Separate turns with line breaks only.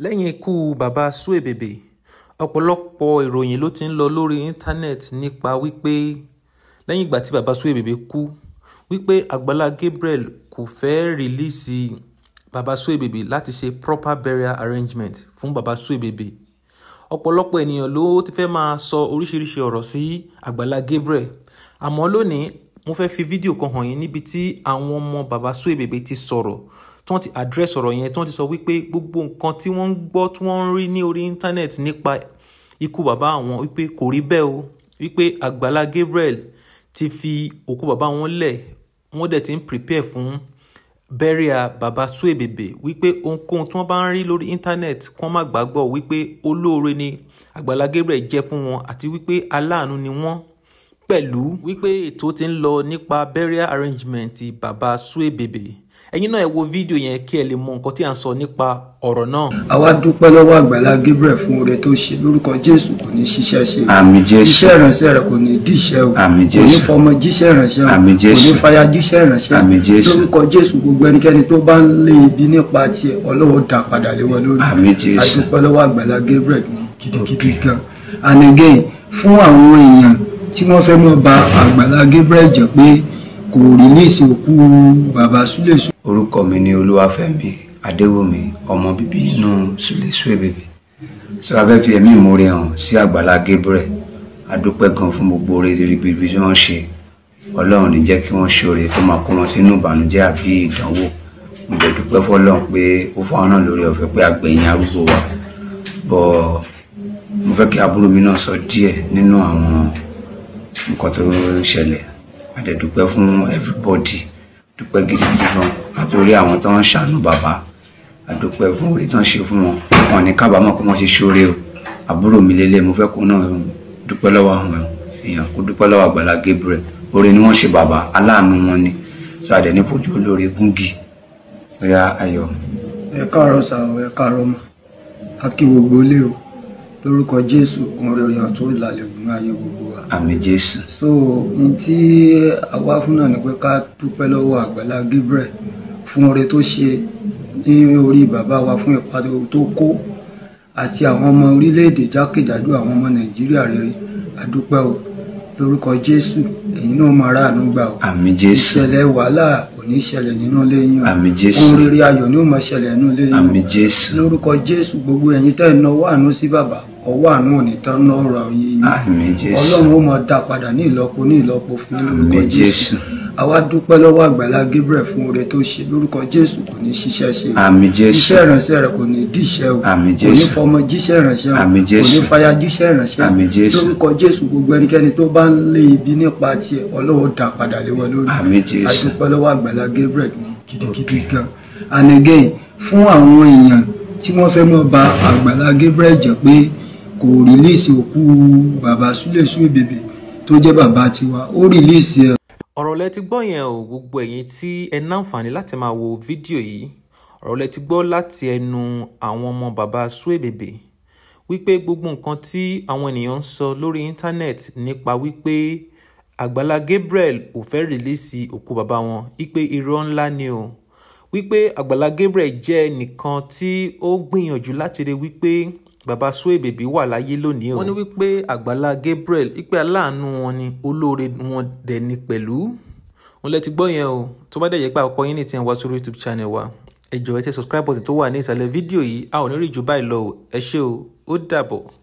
lẹ́yìn ikú bàbá suebebe ọ̀pọ̀lọpọ̀ ìròyìn ló ti ń lọ lórí íńtánẹ́ẹ̀tì nípa wípé lẹ́yìn ìgbà tí bàbá suebebe kú wípé àgbàlá gabriel kò fẹ́ rìlíìsì bàbá suebebe láti ṣe proper burial arrangement fún bàbá suebebe ọ̀pọ̀lọpọ̀ ènìyàn ló ti fẹ́ máa sọ oríṣiríṣi ọ̀rọ̀ sí àgbàlá gabriel àmọ́ lónìí mo fẹ́ fi fídíò kan hàn yín níbi tí àwọn ọmọ bàbá suebebe ti sọ̀rọ̀ tí wọ́n ti address ọ̀rọ̀ yẹn tí wọ́n ti sọ wípé gbogbo nǹkan tí wọ́n ń gbọ́ tí wọ́n ń rí ní orí íńtánẹ́ẹ̀tì nípa ikú bàbá àwọn wípé kò rí bẹ́ẹ̀ o wípé Àgbàlá Gabriel ti fi òkú bàbá wọn lẹ̀ wọ́n dẹ̀ ti ń prepare fún bẹ́ríà bàbá Suebebe wípé ohunkóhun tí wọ́n bá ń rí lórí íńtánẹ́ẹ̀tì kán má gbàgbọ́ wípé olóore ni Àgbàlá Gabriel jẹ́ fún wọn àti wípé aláàánú ni wọ́n pẹ̀lú wípé ètò ti ń lọ nípa burial arrangement bàbá Suebebe ẹ̀yin náà ẹ wo fídíò yẹn kí ẹ lè mọ nǹkan tí à ń sọ nípa ọ̀rọ̀ náà.
àwa dúpẹ́ lọ́wọ́ àgbàlá Gabriel fún oore tó ṣe lórúkọ Jésù kò ní ṣiṣẹ́ ṣe o iṣẹ́ ìránṣẹ́ rẹ̀ kò ní díṣẹ́ o kò ní fọmọ jíṣẹ́ ìránṣẹ́ o kò ní fàyà jíṣẹ́ ìránṣẹ́ lórúkọ Jésù gbogbo ẹnikẹ́ni tó bá ń lé ibi nípa tiẹ̀ ọlọ́wọ́ dá padà lé wọn lórí a dúpẹ́ lọ́wọ́ àgbàlá Gabriel gidigidi gan and again fún àwọn èèyàn tí wọ́n fẹ́ mọ́ ba àgbàlá Gabriel jẹ́ pé kò rìlíìsì
òkú bàbá Súlè orúkọ mi ni olúwàfẹ́mi adéwùmí ọmọ bíbí inú sùlẹ̀sùlẹ̀ bèbè sọ abẹ́ fi ẹ̀mí ìmoore hàn sí àgbàlá gabriel adúpẹ́ gan fún gbogbo oore ribiribi tí wọ́n ṣe ọlọ́run ní jẹ́ kí wọ́n ṣe oore tó máa kó wọn sínú ìbànújẹ́ àbí ìdánwò mo dẹ̀ dúpẹ́ fọlọ́run pé ó fọwọ́n náà lórí ọ̀fẹ́ pé àgbẹ̀yìn arúgbó wa bọ́ mo fẹ́ kí àbúrò mi náà sọ díẹ̀ nínú àwọn nǹkan tó ń ṣẹlẹ̀ a dẹ̀ dúpẹ́ fún everybody dúpẹ́ gidigidi gan lórí àwọn tó ń ṣàánú bàbá àdúpẹ́ fún orí tó ń ṣe fún wọn wọn ní kábàámọ̀ pé wọ́n ṣe ṣoore o àbúrò mi lélẹ̀ mo fẹ́ kó náà um, dúpẹ́ lọ́wọ́ àwọn èèyàn kó dúpẹ́ lọ́wọ́ Àgbàlá Gabriel oore ni wọ́n ṣe bàbá aláàánú wọn ni sọ àdẹ ní fojú olóore gúngi ọ̀yà ayọ̀.
ẹ káàárọ̀ sàwọ̀ ẹ káàárọ̀ mọ́ a kí gbogbo ilé o lórúkọ jésù òun rere ọ̀tún ìlàlẹ̀ ògùn ayé gbogbo
wa. àmín jésù.
so n tí a wá fún náà ni pé ká dúpẹ́ lọ́wọ́ àgbàlá Gabriel fún oore tó ṣe ní orí bàbá wa fún ipa tó kó àti àwọn ọmọ orílẹ̀-èdè jákèjádò àwọn ọmọ nàìjíríà rere àdúpẹ́ o lórúkọ jésù ẹ̀yin náà máa ráàánú gbà o.
àmín jésù. ìṣẹ̀lẹ̀
wàhálà kò ní ṣẹlẹ̀ nínú ilé yín o àmín jésù ohun rere ayọ̀ ni ó máa ṣẹlẹ̀ nínú ilé yín o àmín jésù lórúkọ jésù gbogbo ẹ̀yin tẹ́ ẹ̀ náwó àánú sí bàbá ọwọ́ àánú òní tán ná ọ̀rọ̀ yín
àmín jésù ọlọ́run
ó máa dá padà ní ìlọ́po ní ìlọ́po fún lórúkọ jésù àwa dúpẹ́ lọ́wọ́ àgbàlá Gabriel fún oore tó ṣe lórúkọ jésù kò ní ṣiṣẹ́ ṣe àmín jésù iṣẹ́ ìrànṣẹ́ rẹ̀ kò ní díṣẹ́ o àmín jésù kò ní fọmọ jíṣẹ́ ìrànṣẹ́ o àmín jésù kò ní faya jíṣẹ́ ìrànṣẹ́ àmín jésù lórúkọ jésù gbogbo ẹnikẹ́ni tó bá ń lé ibi nípa tiẹ̀ ọlọ́run dá padà lé wọn lórí àmín jésù adúpẹ́ lọ́wọ́ àgbàlá Àgbàlá Gabriel ní gidigidi gan and again fún àwọn èèyàn tí wọ́n fẹ́ mọ́ ba Àgbàlá Gabriel jẹ́ pé kò rìlíìsì òkú bàbá Súlè Suebebe tó jẹ́ bàbá tiwa ó rìlíìsì ẹ̀.
ọ̀rọ̀ lẹ ti gbọ́ yẹn o gbogbo ẹ̀yin tí ẹ náǹfààní láti máa wo fídíò yìí ọ̀rọ̀ lẹ ti gbọ́ láti ẹnu àwọn ọmọ bàbá Suebebe wípé gbogbo nǹkan tí àwọn ènìyàn ń sọ lórí íńtánẹ́ẹ̀tì nípa wípé àgbàlá gabriel ò fẹ́ẹ́ rìlíìsì òkú bàbá wọn wípé irọ́ ńlá ni o wípé àgbàlá gabriel jẹ́ ẹnìkan tí ó gbìyànjú láti rí wípé bàbá Suwe Baby wà láyé lónìí o wọ́n ní wípé àgbàlá gabriel wípé aláàánú wọn ni olóore wọn dẹ̀ ni pẹ̀lú wọn lẹ ti gbọ́ yẹn o tó bá dẹ̀ yẹ pé àkọ́kọ́ yín ní tiẹ̀ wá sórí youtube channel wa ẹ jọ̀ọ́ ẹ tẹ subscribe button tó wà ní ìsàlẹ̀ fídíò yìí a ò ní rí jù báyìí lọ o ẹ ṣé o ó dàbọ̀.